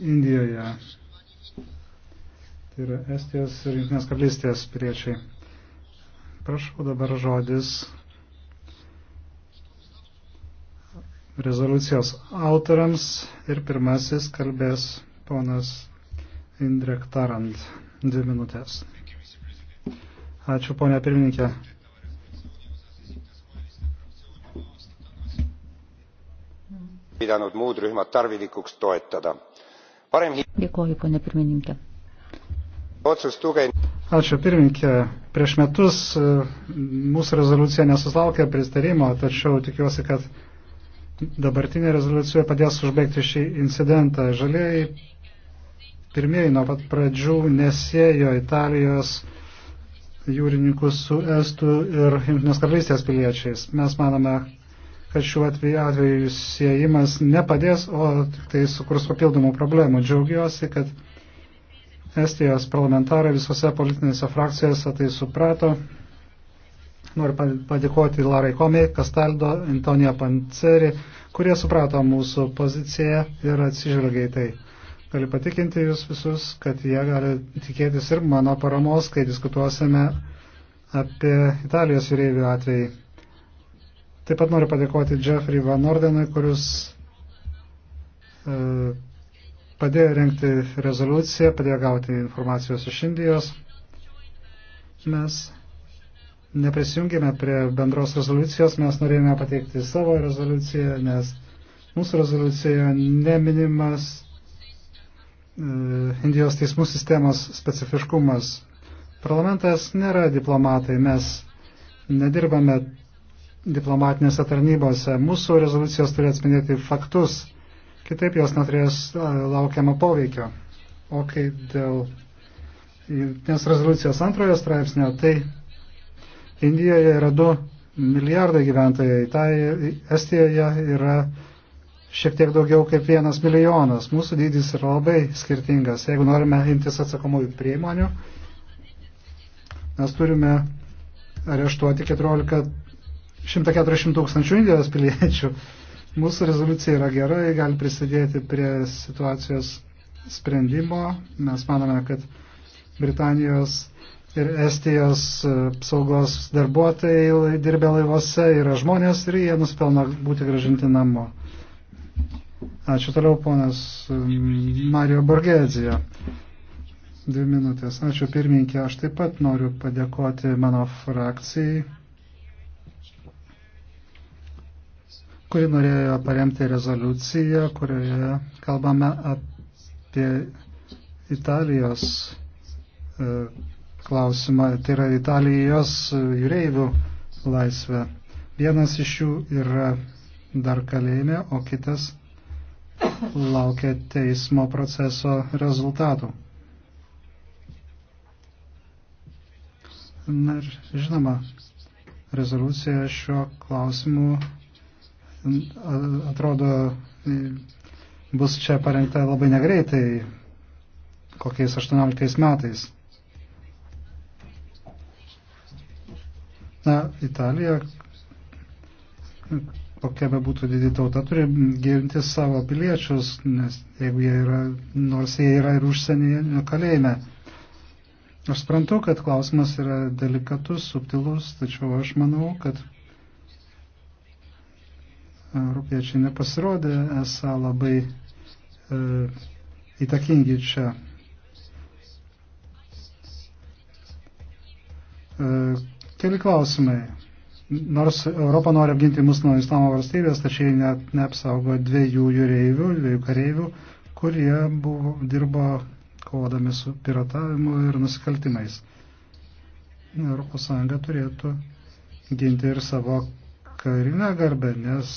Indijoje. Tai yra Estijos ir Junktinės karalystės priečiai. Prašau dabar žodis rezoliucijos autoriams ir pirmasis kalbės ponas Indrek Tarant. Dvi minutės. Ačiū, ponia pirmininkė. pidanud muud rühmad tarvilikuks toetada parem... Dėkuoju, ponė pirmininkė. Ačiū pirmininkė. Prieš metus e, mūsų rezoliucija nesuslaukė pristarimo, tačiau tikiuosi, kad dabartinė rezoliucija padės užbaigti šį incidentą. Žaliai pirmieji nuo pat pradžių nesėjo Italijos jūrininkus su Estų ir Junktinės karalystės piliečiais. Mes manome, kad šiuo atveju, atveju siejimas nepadės, o tik tai sukurs papildomų problemų. Džiaugiuosi, kad Estijos parlamentarai visose politinėse frakcijose tai suprato. Noriu padėkoti Larai Komi, Kastaldo, Antonija Panceri, kurie suprato mūsų poziciją ir atsižvelgia į tai. Galiu patikinti jūs visus, kad jie gali tikėtis ir mano paramos, kai diskutuosime apie Italijos vyreivių atvejį. Taip pat noriu padėkoti Jeffrey Van Ordenui, kuris e, padėjo renkti rezoliuciją, padėjo gauti informacijos iš Indijos. Mes neprisijungėme prie bendros rezoliucijos, mes norėjome pateikti savo rezoliuciją, nes mūsų rezoliucijoje neminimas e, Indijos teismų sistemos specifiškumas. Parlamentas nėra diplomatai, mes nedirbame diplomatinėse tarnybose. Mūsų rezoliucijos turi atspindėti faktus, kitaip jos neturės laukiamą poveikio. O kai dėl nes rezoliucijos antrojo straipsnio, tai Indijoje yra 2 milijardai gyventojai, tai Estijoje yra šiek tiek daugiau kaip vienas milijonas. Mūsų dydis yra labai skirtingas. Jeigu norime imtis atsakomųjų priemonių, mes turime areštuoti 14 140 tūkstančių Indijos piliečių. Mūsų rezoliucija yra gera, jie gali prisidėti prie situacijos sprendimo. Mes manome, kad Britanijos ir Estijos apsaugos e, darbuotojai dirbė laivuose, yra žmonės ir jie nuspelno būti gražinti namo. Ačiū toliau, ponas e, Mario Borgėdzija. Dvi minutės. Ačiū pirmininkė. Aš taip pat noriu padėkoti mano frakcijai kuri norėjo paremti rezoliuciją, kurioje kalbame apie Italijos e, klausimą, tai yra Italijos jūreivių laisvę. Vienas iš jų yra dar kalėjime, o kitas laukia teismo proceso rezultatų. Na ir žinoma, rezoliucija šiuo klausimu atrodo, e, bus čia parengta labai negreitai, kokiais 18 metais. Na, Italija, kokia be būtų didį tauta, turi ginti savo piliečius, nes jeigu jie yra, nors jie yra ir užsienyje kalėjime. Aš suprantu, kad klausimas yra delikatus, subtilus, tačiau aš manau, kad europiečiai nepasirodė esą labai e, įtakingi čia. E, keli klausimai. Nors Europa nori apginti mus nuo islamo valstybės, tačiau net neapsaugo dviejų jūreivių, dviejų kareivių, kurie buvo, dirbo kovodami su piratavimu ir nusikaltimais. ES turėtų ginti ir savo karinę garbę, nes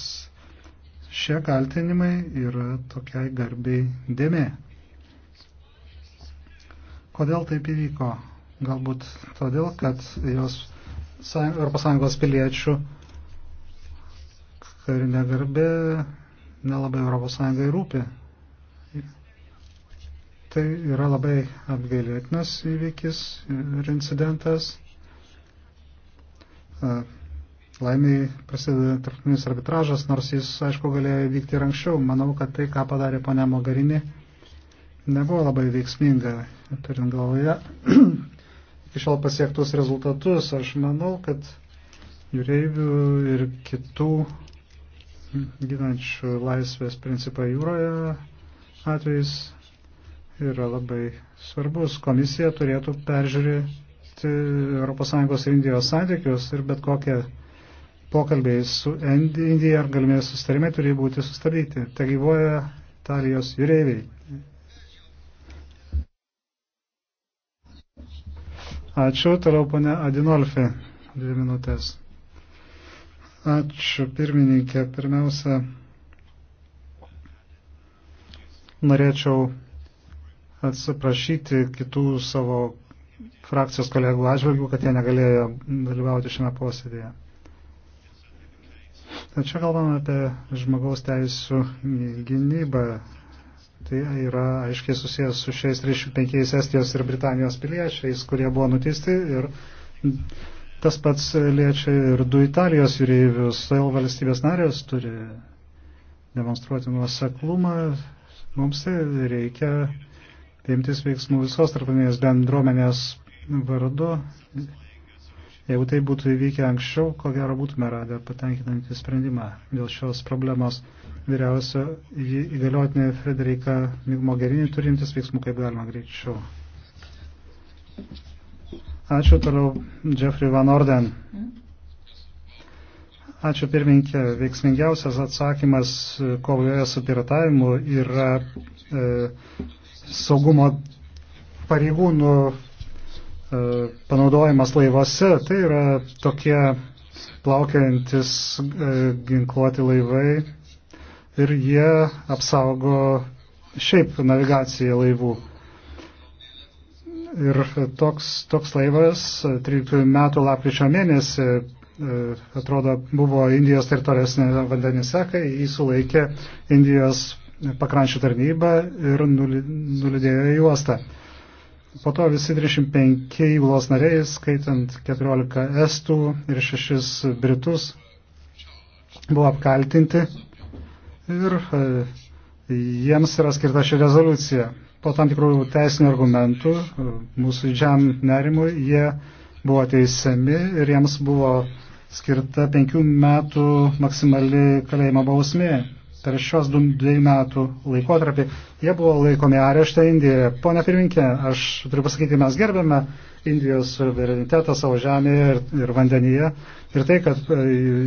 šie kaltinimai yra tokiai garbiai dėmė. Kodėl taip įvyko? Galbūt todėl, kad jos ES piliečių karinė garbė nelabai ES rūpi. Tai yra labai apgailėtinas įvykis ir incidentas. Laimiai prasideda tarptautinis arbitražas, nors jis, aišku, galėjo vykti ir anksčiau. Manau, kad tai, ką padarė ponia Mogarini, nebuvo labai veiksminga, turint galvoje iki šiol pasiektus rezultatus. Aš manau, kad jūreivių ir kitų ginančių laisvės principą jūroje atvejais yra labai svarbus. Komisija turėtų peržiūrėti ES ir Indijos santykius ir bet kokią pokalbiai su Indija ar galimybė sustarimai turi būti sustabdyti. Tai gyvoja Tarijos jūreiviai. Ačiū, toliau pane Adinolfi, dvi minutės. Ačiū, pirmininkė. Pirmiausia, norėčiau atsiprašyti kitų savo frakcijos kolegų atžvilgių, kad jie negalėjo dalyvauti šiame posėdėje. Tačiau kalbame apie žmogaus teisų gynybą. Tai yra aiškiai susijęs su šiais 35 Estijos ir Britanijos piliečiais, kurie buvo nuteisti ir Tas pats liečia ir du Italijos jūreivius. Todėl valstybės narės turi demonstruoti nuoseklumą. Mums tai reikia imtis veiksmų visos tarptautinės bendruomenės vardu Jeigu tai būtų įvykę anksčiau, ko gero būtume radę patenkinantį sprendimą dėl šios problemos. Vyriausio įgaliotinė Frederika Mogherini turintis veiksmų kaip galima greičiau. Ačiū toliau Jeffrey Van Orden. Ačiū pirmininkė. Veiksmingiausias atsakymas kovoje su piratavimu yra e, saugumo pareigūnų panaudojimas laivuose. Tai yra tokie plaukiantis e, ginkluoti laivai ir jie apsaugo šiaip navigaciją laivų. Ir toks, toks laivas 13 e, metų lapkričio mėnesį, e, atrodo, buvo Indijos teritorijos vandenyse, kai jį sulaikė Indijos pakrančių tarnyba ir nulidėjo į uostą. Po to visi 35 įgulos nariai, skaitant 14 estų ir 6 britus, buvo apkaltinti ir e, jiems yra skirta ši rezoliucija. Po tam tikrų teisinių argumentų e, mūsų didžiam nerimui jie buvo teisiami ir jiems buvo skirta penkių metų maksimali kalėjimo bausmė per šios dviejų metų laikotarpį, jie buvo laikomi areštą Indijoje. Pone pirminkė, aš turiu pasakyti, mes gerbėme Indijos suverenitetą savo žemėje ir, ir vandenyje ir tai, kad e,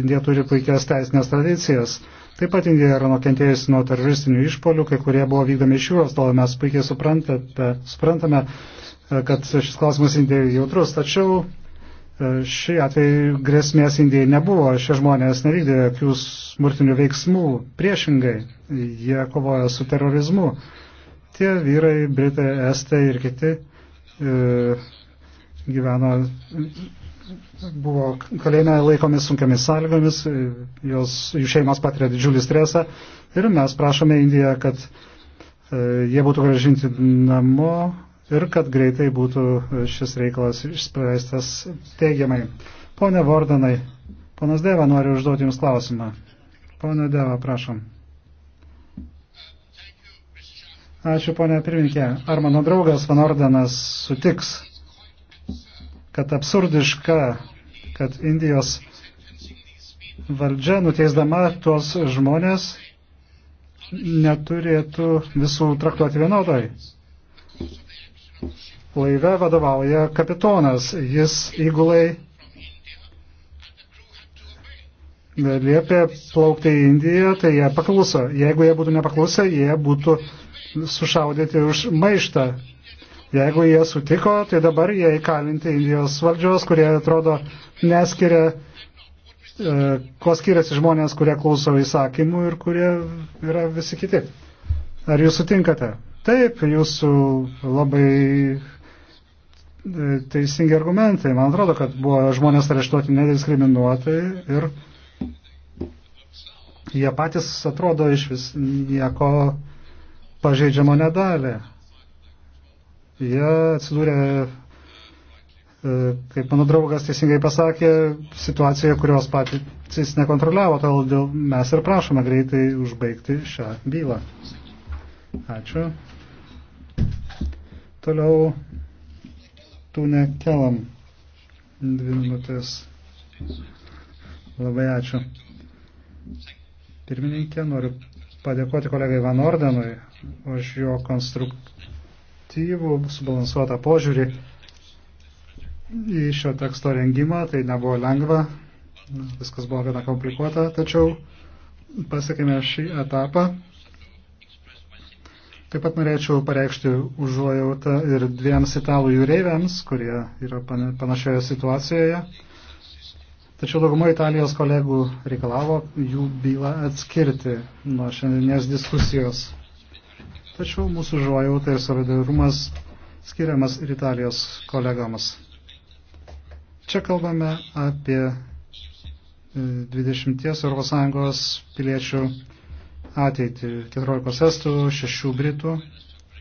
Indija turi puikias teisinės tradicijas. Taip pat Indija yra nukentėjusi nuo teroristinių išpolių, kai kurie buvo vykdomi iš jūros, tol mes puikiai suprantate, suprantame, e, kad šis klausimas Indijai jautrus. Tačiau e, šį atvejį grėsmės Indijai nebuvo, šie žmonės nevykdė jokius smurtinių veiksmų. Priešingai, jie kovoja su terorizmu. Tie vyrai, britai, estai ir kiti e, gyveno, buvo kalėjime laikomi sunkiamis sąlygomis, e, jos, jų šeimas patiria didžiulį stresą ir mes prašome Indiją, kad e, jie būtų gražinti namo ir kad greitai būtų e, šis reikalas išspręstas teigiamai. Pone Vordanai, ponas Deva nori užduoti Jums klausimą. Pone Deva, prašom. Ačiū, ponė pirminkė. Ar mano draugas Van Ordenas sutiks, kad absurdiška, kad Indijos valdžia nuteisdama tuos žmonės neturėtų visų traktuoti vienodai. Laive vadovauja kapitonas, jis įgulai liepė plaukti į Indiją, tai jie pakluso. Jeigu jie būtų nepaklusę, jie būtų sušaudyti už maištą. Jeigu jie sutiko, tai dabar jie įkalinti Indijos valdžios, kurie atrodo neskiria, e, kuo skiriasi žmonės, kurie klauso įsakymų ir kurie yra visi kiti. Ar jūs sutinkate? Taip, jūsų labai e, teisingi argumentai. Man atrodo, kad buvo žmonės areštuoti nediskriminuotai ir jie patys atrodo iš vis nieko pažeidžiamo nedalė. Jie atsidūrė, e, kaip mano draugas teisingai pasakė, situacijoje, kurios patys nekontroliavo, todėl mes ir prašome greitai užbaigti šią bylą. Ačiū. Toliau tūne kelam. Dvi minutės. Labai ačiū. Thank you pirmininkė. Noriu padėkoti kolegai Van Ordenui už jo konstruktyvų, subalansuotą požiūrį į šio teksto rengimą. Tai nebuvo lengva, viskas buvo gana komplikuota, tačiau pasiekėme šį etapą. Taip pat norėčiau pareikšti užuojautą ir dviems italų jūreiviams, kurie yra panašioje situacijoje. Tačiau dauguma Italijos kolegų reikalavo jų bylą atskirti nuo šiandienės diskusijos. Tačiau mūsų žuojauta ir solidarumas skiriamas ir Italijos kolegams. Čia kalbame apie 20 e, ES piliečių ateitį 14 estų, 6 britų,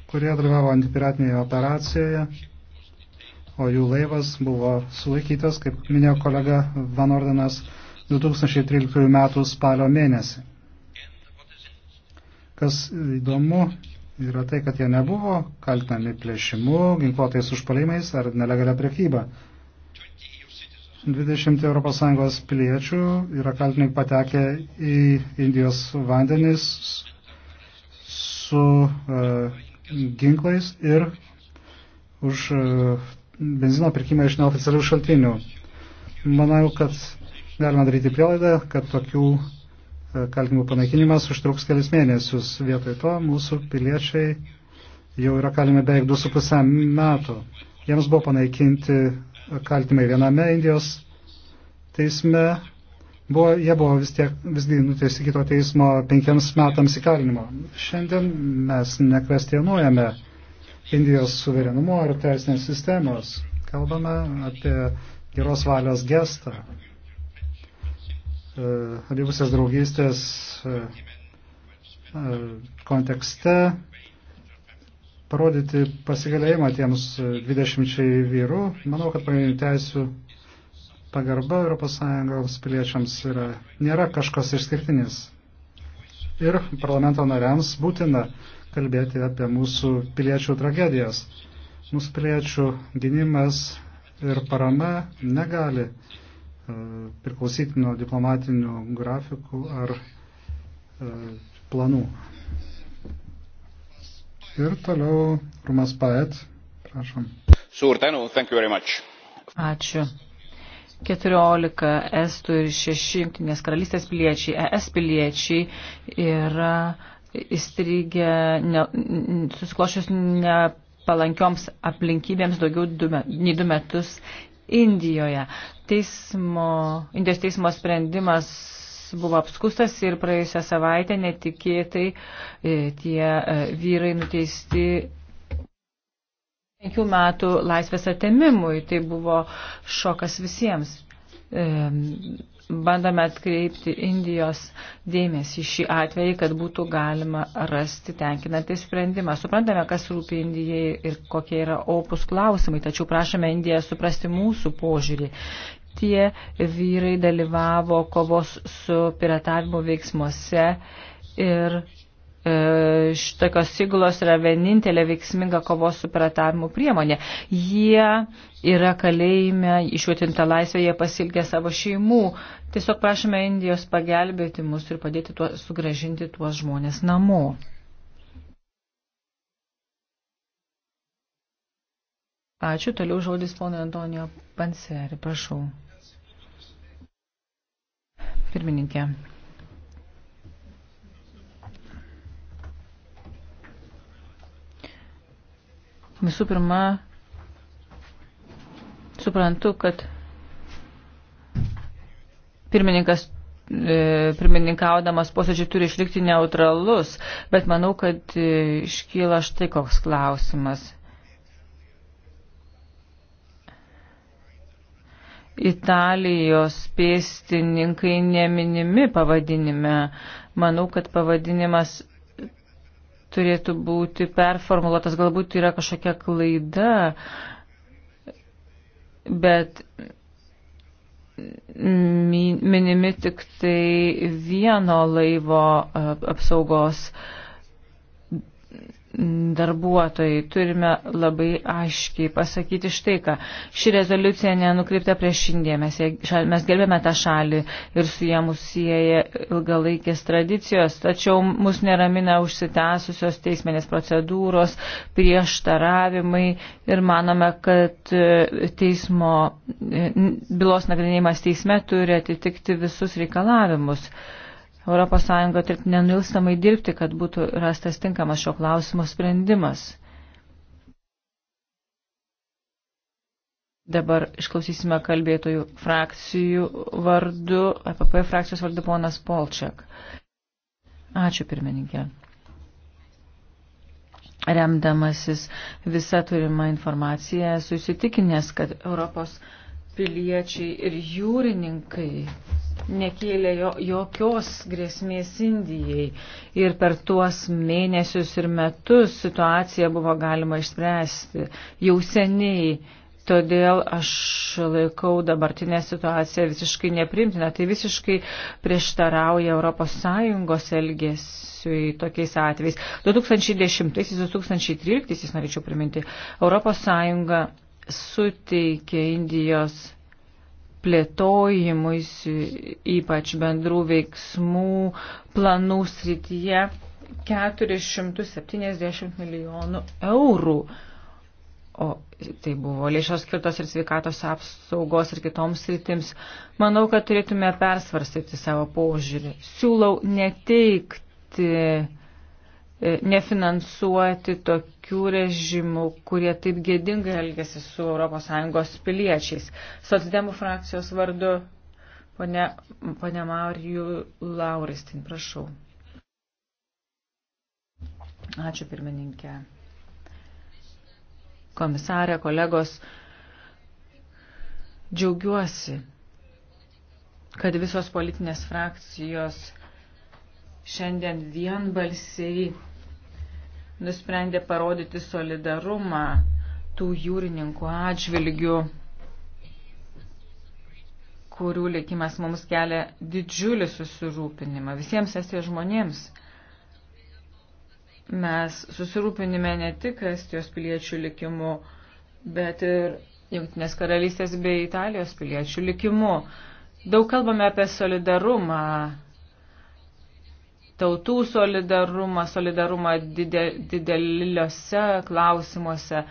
kurie dalyvavo antipiratinėje operacijoje o jų laivas buvo sulaikytas, kaip minėjo kolega Van Ordenas, 2013 m. spalio mėnesį. Kas įdomu, yra tai, kad jie nebuvo kaltinami plėšimu, ginkluotais užpalymais ar nelegalia prekyba. 20 ES piliečių yra kaltinami patekę į Indijos vandenis su uh, ginklais ir už uh, benzino pirkimą iš neoficialių šaltinių. Manau, kad galima daryti prielaidą, kad tokių e, kaltinimų panaikinimas užtruks kelias mėnesius. Vietoj to mūsų piliečiai jau yra kalime beveik 2,5 metų. Jiems buvo panaikinti kaltimai viename Indijos teisme. Buvo, jie buvo vis tiek visgi nuteisti kito teismo penkiems metams įkalinimo. Šiandien mes nekvestionuojame Indijos suverenumo ir teisinės sistemos. Kalbame apie geros valios gestą, e, abipusės draugystės e, e, kontekste parodyti pasigalėjimą tiems 20 vyrų. Manau, kad pagrindinių teisių pagarba ES piliečiams yra, nėra kažkas išskirtinis ir parlamento nariams būtina kalbėti apie mūsų piliečių tragedijas. Mūsų piliečių gynimas ir parama negali e, priklausyti nuo diplomatinių grafikų ar e, planų. Ir toliau Rumas Paet, prašom. Suur tänu, thank you very much. Ačiū. 14 estų ir 6 jungtinės karalystės piliečiai, ES piliečiai yra įstrigę ne, susiklošius nepalankioms aplinkybėms daugiau du, nei du metus Indijoje. Teismo, Indijos teismo sprendimas buvo apskustas ir praėjusią savaitę netikėtai e, tie e, vyrai nuteisti Penkių metų laisvės atemimui tai buvo šokas visiems. Bandome atkreipti Indijos dėmesį šį atvejį, kad būtų galima rasti tenkinantį sprendimą. Suprantame, kas rūpi Indijai ir kokie yra opus klausimai, tačiau prašome Indiją suprasti mūsų požiūrį tie vyrai dalyvavo kovos su piratavimu veiksmuose ir E, šitokios siglos yra vienintelė veiksminga kovos su piratavimu priemonė. Jie yra kalėjime, išvietinta laisvė, jie pasilgia savo šeimų. Tiesiog prašome Indijos pagelbėti mus ir padėti tuo, sugražinti tuos žmonės namo. Ačiū, toliau žodis ponui Antonijo Panseri, prašau. Pirmininkė, Visų pirma, suprantu, kad pirmininkas e, pirmininkaudamas posėdžiai turi išlikti neutralus, bet manau, kad e, iškyla štai koks klausimas. Italijos pėstininkai neminimi pavadinime. Manau, kad pavadinimas turėtų būti performuluotas. Galbūt yra kažkokia klaida, bet minimi tik tai vieno laivo apsaugos darbuotojai. Turime labai aiškiai pasakyti štai ką. Ši rezoliucija nenukreipta prieš Indiją. Mes, mes gerbėme tą šalį ir su jie mus sieja ilgalaikės tradicijos, tačiau mus neramina užsitęsusios teisminės procedūros, prieštaravimai ir manome, kad e, teismo bylos nagrinėjimas teisme turi atitikti visus reikalavimus. ES taip nenilstamai dirbti, kad būtų rastas tinkamas šio klausimo sprendimas. Dabar išklausysime kalbėtojų frakcijų vardu, APP e frakcijos vardu ponas Polčiak. Ačiū pirmininkė. Remdamasis visą turimą informaciją, susitikinęs, kad Europos piliečiai ir jūrininkai nekėlė jo, jokios grėsmės Indijai. Ir per tuos mėnesius ir metus situaciją buvo galima išspręsti jau seniai. Todėl aš laikau dabartinę situaciją visiškai neprimtina. Tai visiškai prieštarauja ES elgesiui tokiais atvejais. 2010-2013, norėčiau priminti, ES suteikė Indijos plėtojimui, ypač bendrų veiksmų planų srityje 470 milijonų eurų. O tai buvo lėšos skirtos ir sveikatos apsaugos ir kitoms sritims. Manau, kad turėtume persvarstyti savo požiūrį. Siūlau neteikti E, nefinansuoti tokių režimų, kurie taip gėdingai elgesi su ES piliečiais. Socialdemų frakcijos vardu Pone, pone Maurijų Lauristin, prašau. Ačiū pirmininkė. Komisarė, kolegos, džiaugiuosi, kad visos politinės frakcijos šiandien vienbalsiai nusprendė parodyti solidarumą tų jūrininkų atžvilgių, kurių likimas mums kelia didžiulį susirūpinimą visiems estijos žmonėms. Mes susirūpinime ne tik estijos piliečių likimu, bet ir Junktinės karalystės bei Italijos piliečių likimu. Daug kalbame apie solidarumą tautų solidarumą, solidarumą dide, dideliuose klausimuose.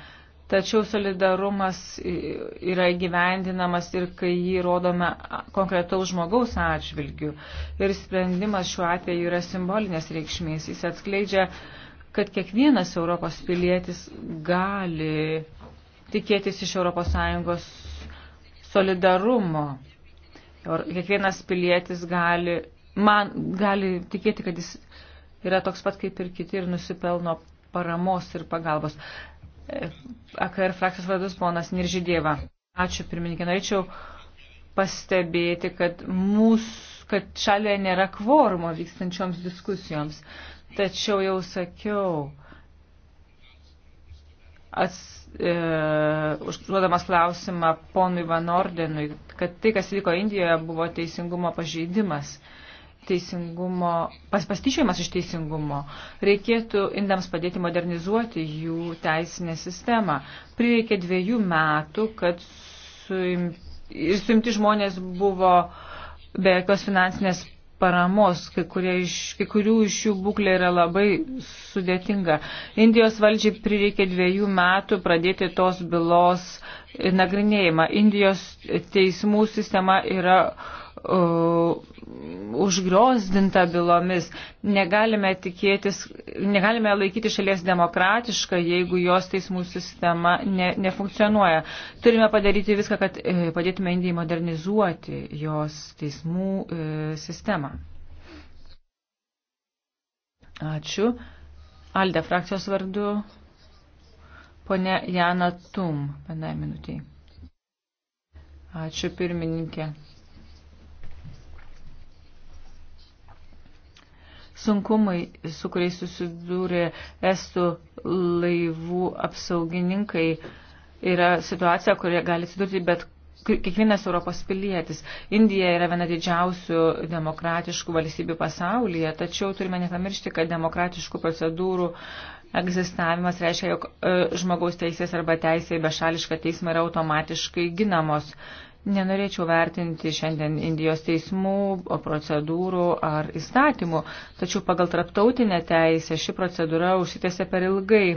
Tačiau solidarumas yra gyvendinamas ir kai jį rodome konkretaus žmogaus atžvilgių. Ir sprendimas šiuo atveju yra simbolinės reikšmės. Jis atskleidžia, kad kiekvienas Europos pilietis gali tikėtis iš ES solidarumo. Ir kiekvienas pilietis gali man gali tikėti, kad jis yra toks pat kaip ir kiti ir nusipelno paramos ir pagalbos. AKR frakcijos vadus ponas Niržydėva. Ačiū pirmininkė. Norėčiau pastebėti, kad mūsų, kad šalia nėra kvorumo vykstančioms diskusijoms. Tačiau jau sakiau, ats, e, užduodamas klausimą ponui Van Ordenui, kad tai, kas vyko Indijoje, buvo teisingumo pažeidimas. E, teisingumo, pas, pastyčiojimas iš teisingumo. Reikėtų indams padėti modernizuoti jų teisinę sistemą. Prireikė dviejų metų, kad suim, suimti žmonės buvo be jokios finansinės paramos, kai, iš, kai kurių iš jų būklė yra labai sudėtinga. Indijos valdžiai prireikė dviejų metų pradėti tos bylos nagrinėjimą. Indijos teismų sistema yra uh, Uh, užgriozdinta bylomis. Negalime tikėtis, negalime laikyti šalies demokratišką, jeigu jos teismų sistema ne, nefunkcionuoja. Turime padaryti viską, kad uh, padėtume Indijai modernizuoti jos teismų e, sistemą. Ačiū. Alde frakcijos vardu. Pone Jana Tum, vienai minutiai. Ačiū pirmininkė. sunkumai, su kuriais susidūrė estų laivų apsaugininkai, yra situacija, kurioje gali atsidurti bet kiekvienas Europos pilietis. Indija yra viena didžiausių demokratiškų valstybių pasaulyje, tačiau turime nepamiršti, kad demokratiškų procedūrų egzistavimas reiškia, jog e, žmogaus teisės arba teisė į bešališką teismą yra automatiškai ginamos. Nenorėčiau vertinti šiandien Indijos teismų, procedūrų ar įstatymų, tačiau pagal traptautinę teisę ši procedūra užsitęsė per ilgai.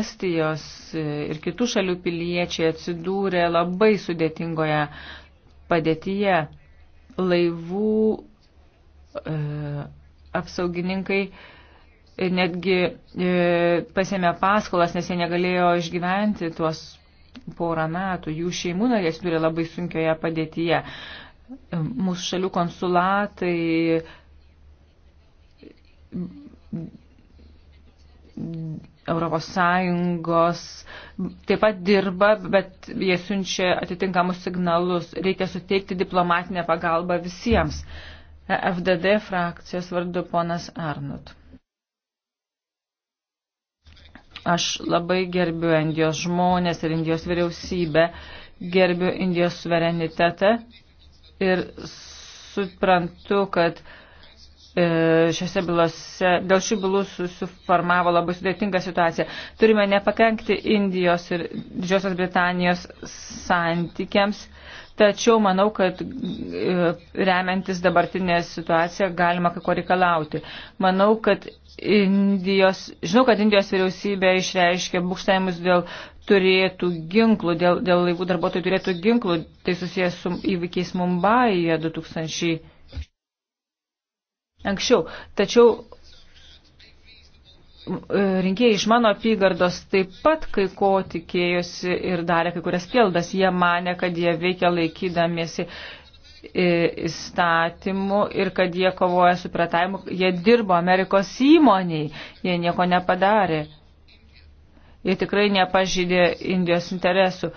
Estijos e, ir kitų šalių piliečiai atsidūrė labai sudėtingoje padėtyje. Laivų e, apsaugininkai netgi e, pasėmė paskolas, nes jie negalėjo išgyventi tuos porą metų. Jų šeimų nariai atsidūrė labai sunkioje padėtyje. Mūsų šalių konsulatai Europos Sąjungos taip pat dirba, bet jie siunčia atitinkamus signalus. Reikia suteikti diplomatinę pagalbą visiems. E FDD frakcijos vardu ponas Arnut. Aš labai gerbiu Indijos žmonės ir Indijos vyriausybę, gerbiu Indijos suverenitetą ir suprantu, kad e, šiuose bylose, dėl šių bylų susiformavo labai sudėtinga situacija. Turime nepakengti Indijos ir Didžiosios Britanijos santykiams, Tačiau manau, kad e, remiantis dabartinę situaciją galima kai ko reikalauti. Manau, kad Indijos, žinau, kad Indijos vyriausybė išreiškė būkštavimus dėl turėtų ginklų, dėl, dėl laivų darbuotojų turėtų ginklų. Tai susijęs su įvykiais Mumbai 2000. Anksčiau. Tačiau E, rinkėjai iš mano apygardos taip pat kai ko tikėjosi ir darė kai kurias prieldas. Jie mane, kad jie veikia laikydamiesi e, įstatymų ir kad jie kovoja su pratavimu. Jie dirbo Amerikos įmoniai, jie nieko nepadarė. Jie tikrai nepažydė Indijos interesų.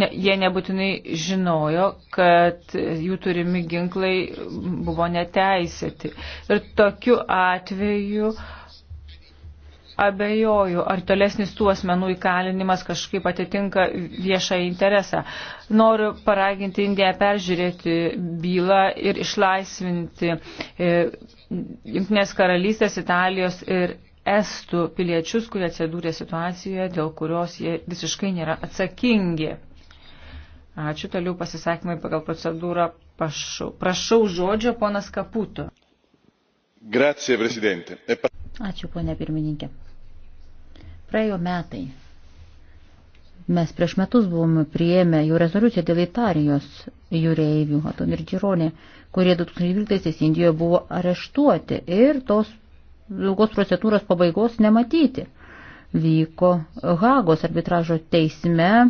Ne, jie nebūtinai žinojo, kad jų turimi ginklai buvo neteisėti. Ir tokiu atveju uh, abejoju, ar tolesnis tų asmenų įkalinimas kažkaip atitinka viešą interesą. Noriu paraginti Indiją peržiūrėti bylą ir išlaisvinti e, Junktinės karalystės, Italijos ir Estų piliečius, kurie atsidūrė situacijoje, dėl kurios jie visiškai nėra atsakingi. Ačiū, toliau pasisakymai pagal procedūrą. Prašau, prašau žodžio, ponas Kaputo. Grazie, Presidente. E Ačiū, ponė pirmininkė. Praėjo metai. Mes prieš metus buvome prieėmę jau rezoliuciją dėl Italijos jūreivių, Aton ir Džironė, kurie 2012-aisiais Indijoje buvo areštuoti ir tos ilgos procedūros pabaigos nematyti. Vyko Hagos arbitražo teisme e,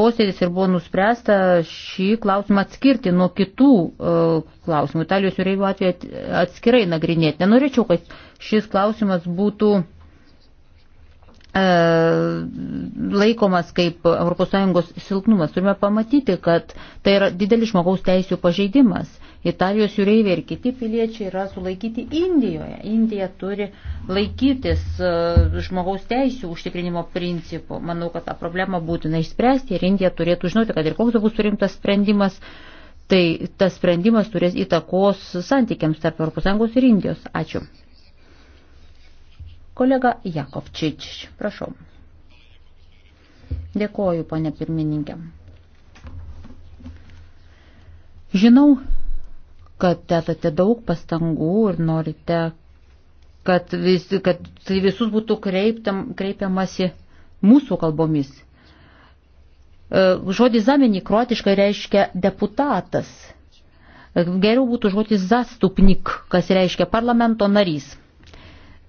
posėdis ir buvo nuspręsta šį klausimą atskirti nuo kitų e, klausimų. Italijos jūreivių atveju atskirai nagrinėti. Nenorėčiau, kad šis klausimas būtų E, laikomas kaip ES silpnumas. Turime pamatyti, kad tai yra didelis žmogaus teisų pažeidimas. Italijos jūreiviai ir kiti piliečiai yra sulaikyti Indijoje. Indija turi laikytis e, žmogaus teisų užtikrinimo principų. Manau, kad tą problemą būtina išspręsti ir Indija turėtų žinoti, kad ir koks bus rimtas sprendimas, tai tas sprendimas turės įtakos santykiams tarp ES ir Indijos. Ačiū. Kolega Jakovčič, prašau. Dėkoju, ponė pirmininkė. Žinau, kad dedate daug pastangų ir norite, kad, vis, kad tai visus būtų kreiptam, kreipiamasi mūsų kalbomis. E, žodis zamenį kruotiškai reiškia deputatas. E, geriau būtų žodis zastupnik, kas reiškia parlamento narys.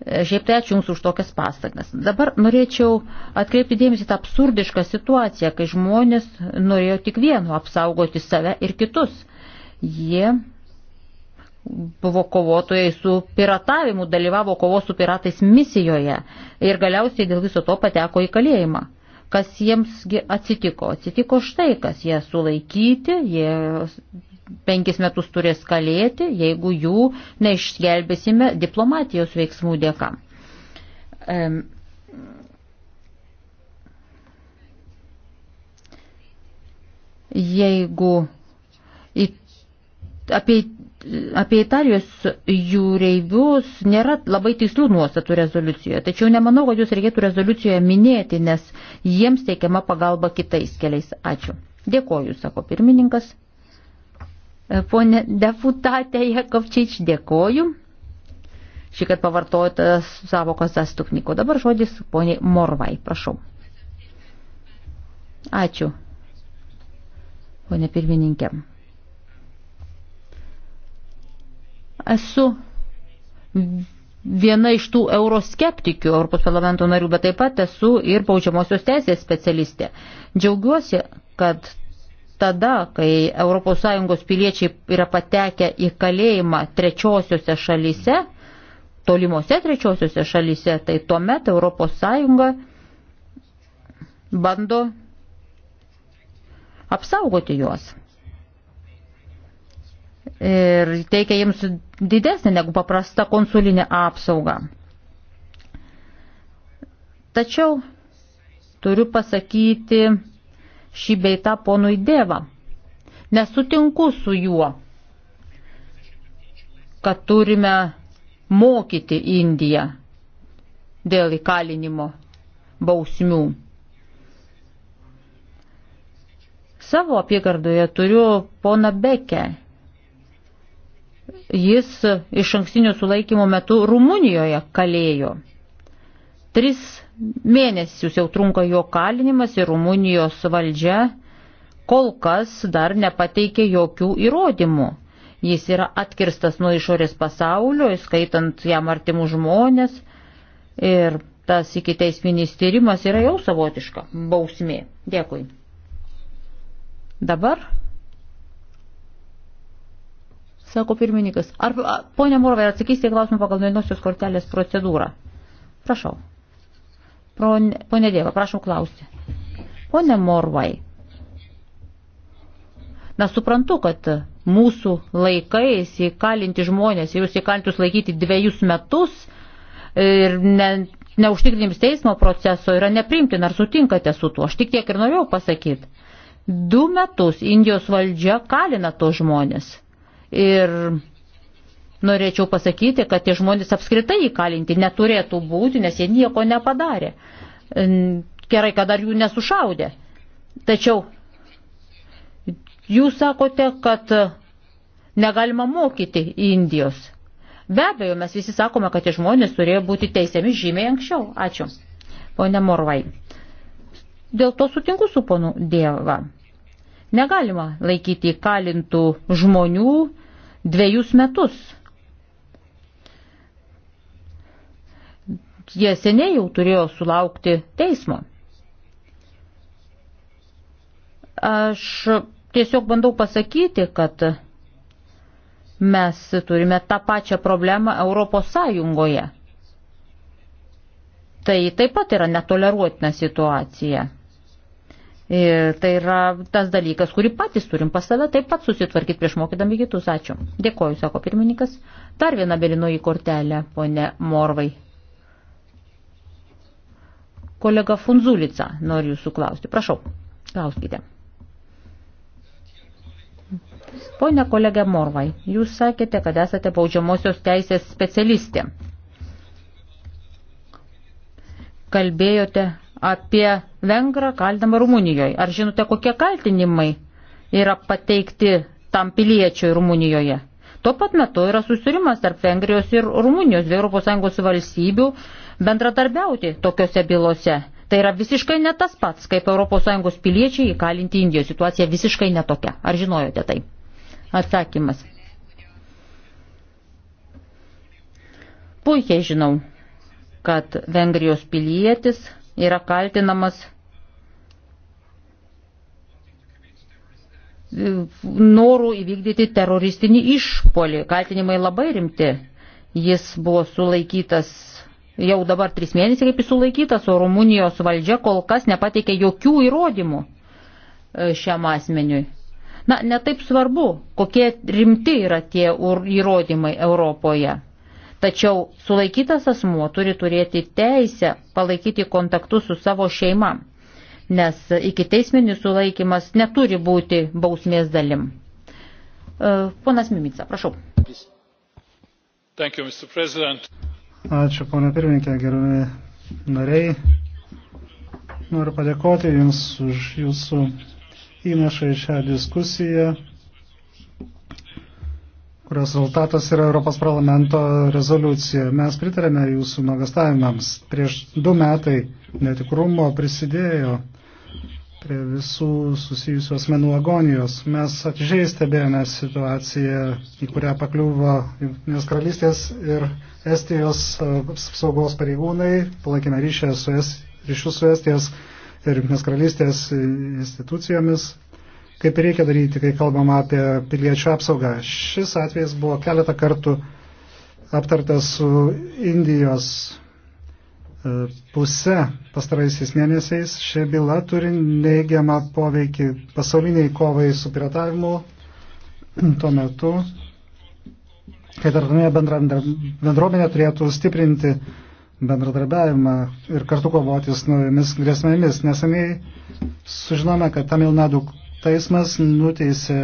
E, šiaip tai ačiū Jums už tokias pastangas. Dabar norėčiau atkreipti dėmesį tą absurdišką situaciją, kai žmonės norėjo tik vieno - apsaugoti save ir kitus. Jie buvo kovotojai su piratavimu, dalyvavo kovo su piratais misijoje ir galiausiai dėl viso to pateko į kalėjimą. Kas jiems atsitiko? Atsitiko štai, kas jie sulaikyti, jie penkis metus turės kalėti, jeigu jų neišgelbėsime diplomatijos veiksmų dėka. Jeigu apie, apie Italijos jūreivius nėra labai tikslių nuostatų rezoliucijoje, tačiau nemanau, kad jūs reikėtų rezoliucijoje minėti, nes jiems teikiama pagalba kitais keliais. Ačiū. Dėkoju, sako pirmininkas. E, pone deputatė Jakovčič, dėkoju. Šį kartą pavartojate savokas zastupniko. Dabar žodis poniai Morvai, prašau. Ačiū, ponė pirmininkė. Esu viena iš tų euroskeptikių Europos parlamento narių, bet taip pat esu ir baudžiamosios teisės specialistė. Džiaugiuosi, kad tada, kai ES piliečiai yra patekę į kalėjimą trečiosiuose šalyse, tolimuose trečiosiuose šalyse, tai tuomet ES bando apsaugoti juos. Ir teikia jiems didesnį negu paprasta konsulinė apsauga. Tačiau turiu pasakyti, šį beitą ponui Dėvą. Nesutinku su juo, kad turime mokyti Indiją dėl įkalinimo bausmių. Savo apygardoje turiu poną Bekę. Jis iš ankstinio sulaikymo metu Rumunijoje kalėjo. Tris mėnesius jau trunka jo kalinimas ir Rumunijos valdžia kol kas dar nepateikė jokių įrodymų. Jis yra atkirstas nuo išorės pasaulio, įskaitant jam artimų žmonės ir tas iki teisminis tyrimas yra jau savotiška bausmė. Dėkui. Dabar, sako pirmininkas, ar, a, ponia Morovai, atsakysite klausimą pagal mėnosios kortelės procedūrą? Prašau. Pone Dieva, prašau klausti. Pone Morvai, na suprantu, kad mūsų laikais įkalinti žmonės, jūs įkalintus laikyti dviejus metus ir ne, neužtikrinims teismo proceso yra neprimtina, ar sutinkate su tuo. Aš tik tiek ir norėjau pasakyti. Du metus Indijos valdžia kalina tos žmonės. Ir Norėčiau pasakyti, kad tie žmonės apskritai įkalinti neturėtų būti, nes jie nieko nepadarė. Gerai, kad dar jų nesušaudė. Tačiau jūs sakote, kad negalima mokyti Indijos. Be abejo, mes visi sakome, kad tie žmonės turėjo būti teisiami žymiai anksčiau. Ačiū. Pone Morvai. Dėl to sutinku su ponu Dieva. Negalima laikyti kalintų žmonių dviejus metus jie seniai jau turėjo sulaukti teismo. Aš tiesiog bandau pasakyti, kad mes turime tą pačią problemą Europos Sąjungoje. Tai taip pat yra netoleruotina situacija. Ir tai yra tas dalykas, kurį patys turim pas save taip pat susitvarkyti prieš mokydami kitus. Ačiū. Dėkoju, sako pirmininkas. Dar viena belinoji kortelė, ponė Morvai. Kolega Funzulica nori jūsų klausti. Prašau, klauskite. Pone kolegė Morvai, jūs sakėte, kad esate baudžiamosios teisės specialistė. Kalbėjote apie Vengrą kaltinamą Rumunijoje. Ar žinote, kokie kaltinimai yra pateikti tam piliečiui Rumunijoje? Tuo pat metu yra susirimas tarp Vengrijos ir Rumunijos, Europos Sąjungos valstybių bendradarbiauti tokiuose bylose. Tai yra visiškai ne tas pats, kaip ES piliečiai įkalinti Indijoje. Situacija visiškai netokia. Ar žinojote tai? Atsakymas. Puikiai žinau, kad Vengrijos pilietis yra kaltinamas norų įvykdyti teroristinį išpolį. Kaltinimai labai rimti. Jis buvo sulaikytas Jau dabar trys mėnesiai kaip jis sulaikytas, o Rumunijos valdžia kol kas nepateikė jokių įrodymų e, šiam asmeniui. Na, netaip svarbu, kokie rimti yra tie įrodymai Europoje. Tačiau sulaikytas asmuo turi turėti teisę palaikyti kontaktus su savo šeima, nes iki teisminis sulaikimas neturi būti bausmės dalim. E, ponas Mimica, prašau. Thank you, Mr. President. Ačiū, ponia pirmininkė, gerbiami nariai. Noriu padėkoti Jums už Jūsų įnašą į šią diskusiją, kurios rezultatas yra Europos parlamento rezoliucija. Mes pritarėme Jūsų nuogastavimams. Prieš du metai netikrumo prisidėjo prie visų susijusių asmenų agonijos. Mes atžiai stebėjome situaciją, į kurią pakliuvo Junktinės karalystės ir Estijos e, apsaugos pareigūnai, palaikėme ryšį su, es, ryšius su Estijos ir Junktinės karalystės e, institucijomis, kaip reikia daryti, kai kalbama apie piliečių apsaugą. Šis atvejis buvo keletą kartų aptartas su Indijos E, puse pastaraisiais mėnesiais ši byla turi neigiamą poveikį pasauliniai kovai su piratavimu tuo metu, kai tarptautinė bendruomenė turėtų stiprinti bendradarbiavimą ir kartu kovoti su naujomis grėsmėmis. Neseniai sužinome, kad Tamilnadų teismas nuteisė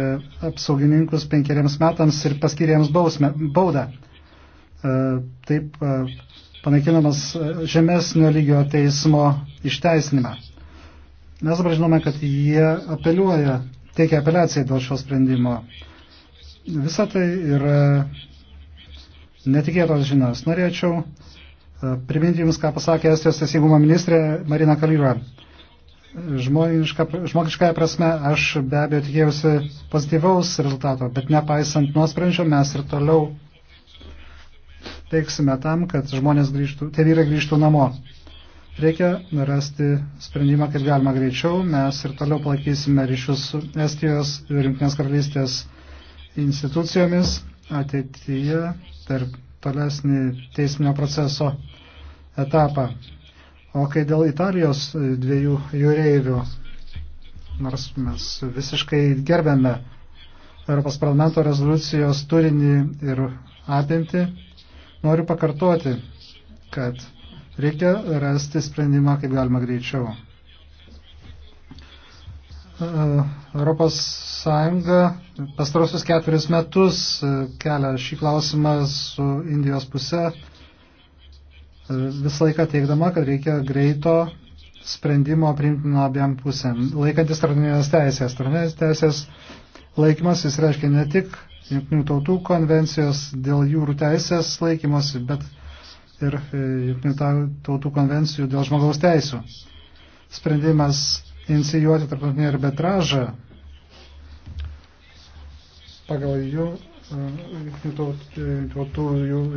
apsaugininkus penkeriems metams ir paskyriems bausmę, baudą. E, taip e, panaikinamas e, žemesnio lygio teismo išteisinimą. Mes dabar žinome, kad jie apeliuoja, teikia apeliaciją dėl šio sprendimo. Visa tai yra netikėtos žinios. Norėčiau e, priminti Jums, ką pasakė Estijos teisingumo ministrė Marina Kalyra. Žmogiška, žmogiškąją prasme aš be abejo tikėjausi pozityvaus rezultato, bet nepaisant nuosprendžio mes ir toliau teiksime tam, kad žmonės grįžtų, tie vyrai grįžtų namo. Reikia rasti sprendimą, kaip galima greičiau. Mes ir toliau palaikysime ryšius su Estijos ir Junktinės karalystės institucijomis ateityje per tolesnį teisminio proceso etapą. O kai dėl Italijos dviejų jūreivių, nors mes visiškai gerbėme Europos parlamento rezoliucijos turinį ir apimti, Noriu pakartoti, kad reikia rasti sprendimą kaip galima greičiau. E, Europos Sąjunga pastarosius keturis metus e, kelia šį klausimą su Indijos puse, e, visą laiką teikdama, kad reikia greito sprendimo priimtino abiem pusėm, laikantis tarnės teisės. Tarnės teisės laikymas jis reiškia ne tik Junktinių tautų konvencijos dėl jūrų teisės laikymosi, bet ir e, Junktinių tautų konvencijų dėl žmogaus teisų. Sprendimas inicijuoti tarptautinį arbitražą pagal jų e, tautų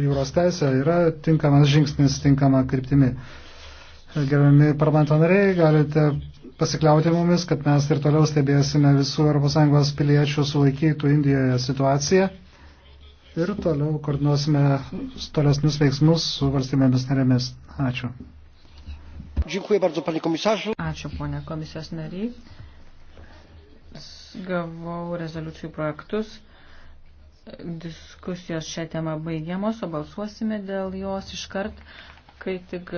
jūros teisę yra tinkamas žingsnis, tinkama kryptimi. Gerbiami parlamento nariai, galite pasikliauti mumis, kad mes ir toliau stebėsime visų ES piliečių sulaikytų Indijoje situaciją ir toliau koordinuosime tolesnius veiksmus su valstybėmis narėmis. Ačiū. Ačiū, ponė komisijos nariai. Gavau rezoliucijų projektus. Diskusijos šią temą baigiamos, o balsuosime dėl jos iškart, kai tik.